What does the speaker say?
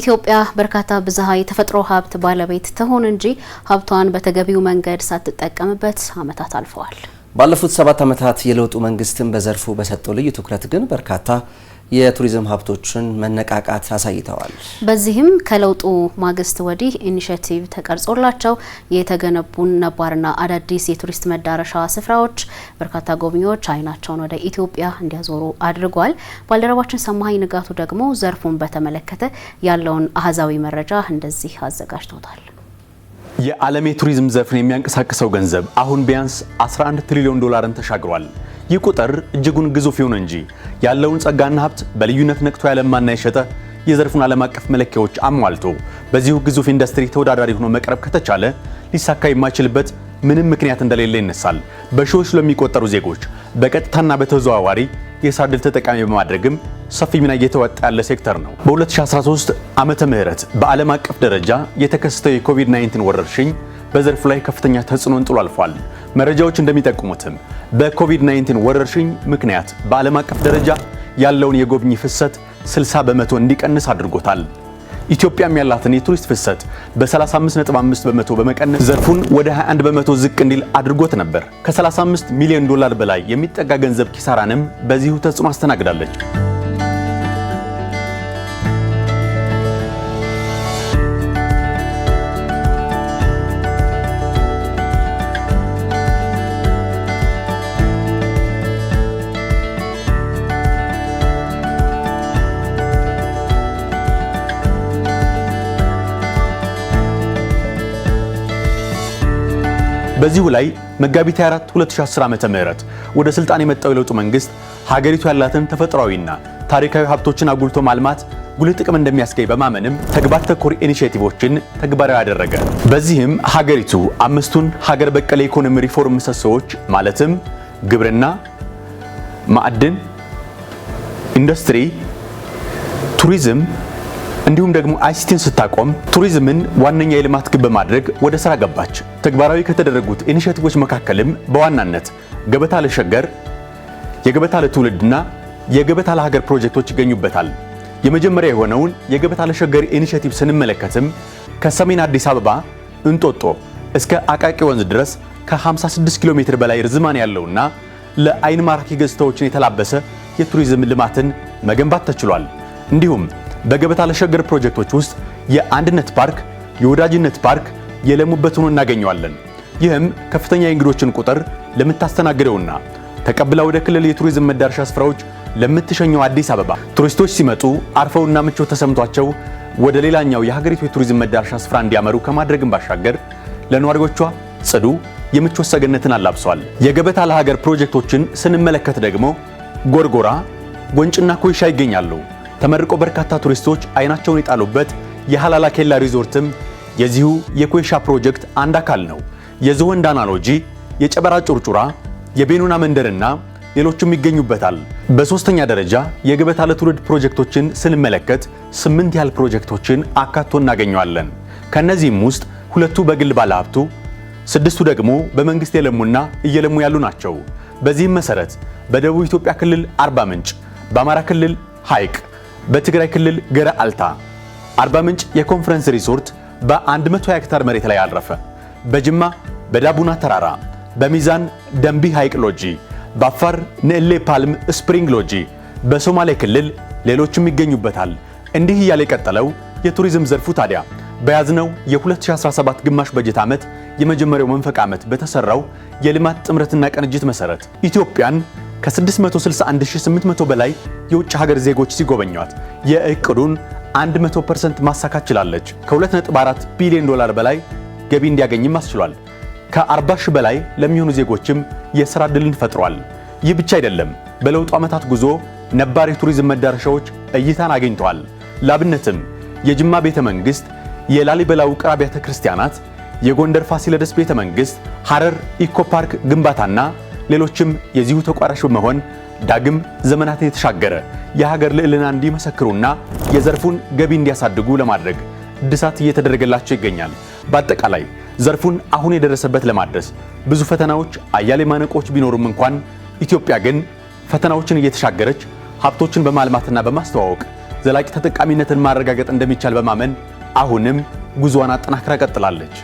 ኢትዮጵያ በርካታ ብዝሃ የተፈጥሮ ሀብት ባለቤት ትሆን እንጂ ሀብቷን በተገቢው መንገድ ሳትጠቀምበት ዓመታት አልፈዋል። ባለፉት ሰባት ዓመታት የለውጡ መንግስትን በዘርፉ በሰጠው ልዩ ትኩረት ግን በርካታ የቱሪዝም ሀብቶችን መነቃቃት አሳይተዋል። በዚህም ከለውጡ ማግስት ወዲህ ኢኒሽቲቭ ተቀርጾላቸው የተገነቡ ነባርና አዳዲስ የቱሪስት መዳረሻ ስፍራዎች በርካታ ጎብኚዎች አይናቸውን ወደ ኢትዮጵያ እንዲያዞሩ አድርጓል። ባልደረባችን ሰማሀኝ ንጋቱ ደግሞ ዘርፉን በተመለከተ ያለውን አህዛዊ መረጃ እንደዚህ አዘጋጅቶታል። የዓለም የቱሪዝም ዘርፍን የሚያንቀሳቅሰው ገንዘብ አሁን ቢያንስ 11 ትሪሊዮን ዶላርን ተሻግሯል። ይህ ቁጥር እጅጉን ግዙፍ ይሁን እንጂ ያለውን ጸጋና ሀብት በልዩነት ነቅቶ ያለማና የሸጠ የዘርፉን ዓለም አቀፍ መለኪያዎች አሟልቶ በዚሁ ግዙፍ ኢንዱስትሪ ተወዳዳሪ ሆኖ መቅረብ ከተቻለ ሊሳካ የማይችልበት ምንም ምክንያት እንደሌለ ይነሳል። በሺዎች ለሚቆጠሩ ዜጎች በቀጥታና በተዘዋዋሪ የሥራ ዕድል ተጠቃሚ በማድረግም ሰፊ ሚና እየተወጣ ያለ ሴክተር ነው። በ2013 ዓመተ ምህረት በዓለም አቀፍ ደረጃ የተከሰተው የኮቪድ-19 ወረርሽኝ በዘርፉ ላይ ከፍተኛ ተጽዕኖን ጥሎ አልፏል። መረጃዎች እንደሚጠቁሙትም በኮቪድ-19 ወረርሽኝ ምክንያት በዓለም አቀፍ ደረጃ ያለውን የጎብኚ ፍሰት 60 በመቶ እንዲቀንስ አድርጎታል። ኢትዮጵያም ያላትን የቱሪስት ፍሰት በ35.5 በመቶ በመቀነስ ዘርፉን ወደ 21 በመቶ ዝቅ እንዲል አድርጎት ነበር። ከ35 ሚሊዮን ዶላር በላይ የሚጠጋ ገንዘብ ኪሳራንም በዚሁ ተጽዕኖ አስተናግዳለች። በዚሁ ላይ መጋቢት 24 2010 ዓመተ ምህረት ወደ ስልጣን የመጣው የለውጡ መንግስት ሀገሪቱ ያላትን ተፈጥሯዊና ታሪካዊ ሀብቶችን አጉልቶ ማልማት ጉልህ ጥቅም እንደሚያስገኝ በማመንም ተግባር ተኮር ኢኒሼቲቮችን ተግባራዊ አደረገ። በዚህም ሀገሪቱ አምስቱን ሀገር በቀል የኢኮኖሚ ሪፎርም ምሰሶዎች ማለትም ግብርና፣ ማዕድን፣ ኢንዱስትሪ፣ ቱሪዝም እንዲሁም ደግሞ አይሲቲን ስታቆም ቱሪዝምን ዋነኛ የልማት ግብ በማድረግ ወደ ስራ ገባች። ተግባራዊ ከተደረጉት ኢኒሽቲቮች መካከልም በዋናነት ገበታ ለሸገር፣ የገበታ ለትውልድና የገበታ ለሀገር ፕሮጀክቶች ይገኙበታል። የመጀመሪያ የሆነውን የገበታ ለሸገር ኢኒሽቲቭ ስንመለከትም ከሰሜን አዲስ አበባ እንጦጦ እስከ አቃቂ ወንዝ ድረስ ከ56 ኪሎ ሜትር በላይ ርዝማን ያለውና ለአይን ማራኪ ገጽታዎችን የተላበሰ የቱሪዝም ልማትን መገንባት ተችሏል። እንዲሁም በገበታ ለሸገር ፕሮጀክቶች ውስጥ የአንድነት ፓርክ፣ የወዳጅነት ፓርክ የለሙበት ሆኖ እናገኘዋለን። ይህም ከፍተኛ የእንግዶችን ቁጥር ለምታስተናግደውና ተቀብላ ወደ ክልል የቱሪዝም መዳረሻ ስፍራዎች ለምትሸኘው አዲስ አበባ ቱሪስቶች ሲመጡ አርፈውና ምቾት ተሰምቷቸው ወደ ሌላኛው የሀገሪቱ የቱሪዝም መዳረሻ ስፍራ እንዲያመሩ ከማድረግም ባሻገር ለነዋሪዎቿ ጽዱ የምቾት ሰገነትን አላብሷል። የገበታ ለሀገር ፕሮጀክቶችን ስንመለከት ደግሞ ጎርጎራ፣ ጎንጭና ኮይሻ ይገኛሉ። ተመርቆ በርካታ ቱሪስቶች አይናቸውን የጣሉበት የሃላላ ኬላ ሪዞርትም የዚሁ የኮይሻ ፕሮጀክት አንድ አካል ነው። የዝሆን ዳናሎጂ፣ የጨበራ ጩርጩራ፣ የቤኑና መንደርና ሌሎችም ይገኙበታል። በሶስተኛ ደረጃ የገበታ ለትውልድ ፕሮጀክቶችን ስንመለከት ስምንት ያህል ፕሮጀክቶችን አካቶ እናገኘዋለን። ከእነዚህም ውስጥ ሁለቱ በግል ባለሀብቱ፣ ስድስቱ ደግሞ በመንግስት የለሙና እየለሙ ያሉ ናቸው። በዚህም መሰረት በደቡብ ኢትዮጵያ ክልል አርባ ምንጭ፣ በአማራ ክልል ሐይቅ በትግራይ ክልል ገረ አልታ አርባ ምንጭ የኮንፈረንስ ሪዞርት በ120 ሄክታር መሬት ላይ አረፈ። በጅማ በዳቡና ተራራ በሚዛን ደንቢ ሐይቅ ሎጂ፣ በአፋር ንዕሌ ፓልም ስፕሪንግ ሎጂ፣ በሶማሌ ክልል ሌሎችም ይገኙበታል። እንዲህ እያለ የቀጠለው የቱሪዝም ዘርፉ ታዲያ በያዝነው የ2017 ግማሽ በጀት ዓመት የመጀመሪያው መንፈቅ ዓመት በተሰራው የልማት ጥምረትና ቅንጅት መሰረት ኢትዮጵያን ከ661800 በላይ የውጭ ሀገር ዜጎች ሲጎበኟት የእቅዱን 100% ማሳካት ችላለች። ከ2.4 ቢሊዮን ዶላር በላይ ገቢ እንዲያገኝም አስችሏል። ከ40 ሺህ በላይ ለሚሆኑ ዜጎችም የሥራ ዕድልን ፈጥሯል። ይህ ብቻ አይደለም። በለውጡ ዓመታት ጉዞ ነባር የቱሪዝም መዳረሻዎች እይታን አግኝተዋል። ላብነትም የጅማ ቤተ መንግሥት፣ የላሊበላ ውቅር አብያተ ክርስቲያናት፣ የጎንደር ፋሲለደስ ቤተ መንግሥት፣ ሐረር ኢኮ ፓርክ ግንባታና ሌሎችም የዚሁ ተቋራሽ በመሆን ዳግም ዘመናትን የተሻገረ የሀገር ልዕልና እንዲመሰክሩና የዘርፉን ገቢ እንዲያሳድጉ ለማድረግ እድሳት እየተደረገላቸው ይገኛል። በአጠቃላይ ዘርፉን አሁን የደረሰበት ለማድረስ ብዙ ፈተናዎች፣ አያሌ ማነቆች ቢኖሩም እንኳን ኢትዮጵያ ግን ፈተናዎችን እየተሻገረች ሀብቶችን በማልማትና በማስተዋወቅ ዘላቂ ተጠቃሚነትን ማረጋገጥ እንደሚቻል በማመን አሁንም ጉዞዋን አጠናክራ ቀጥላለች።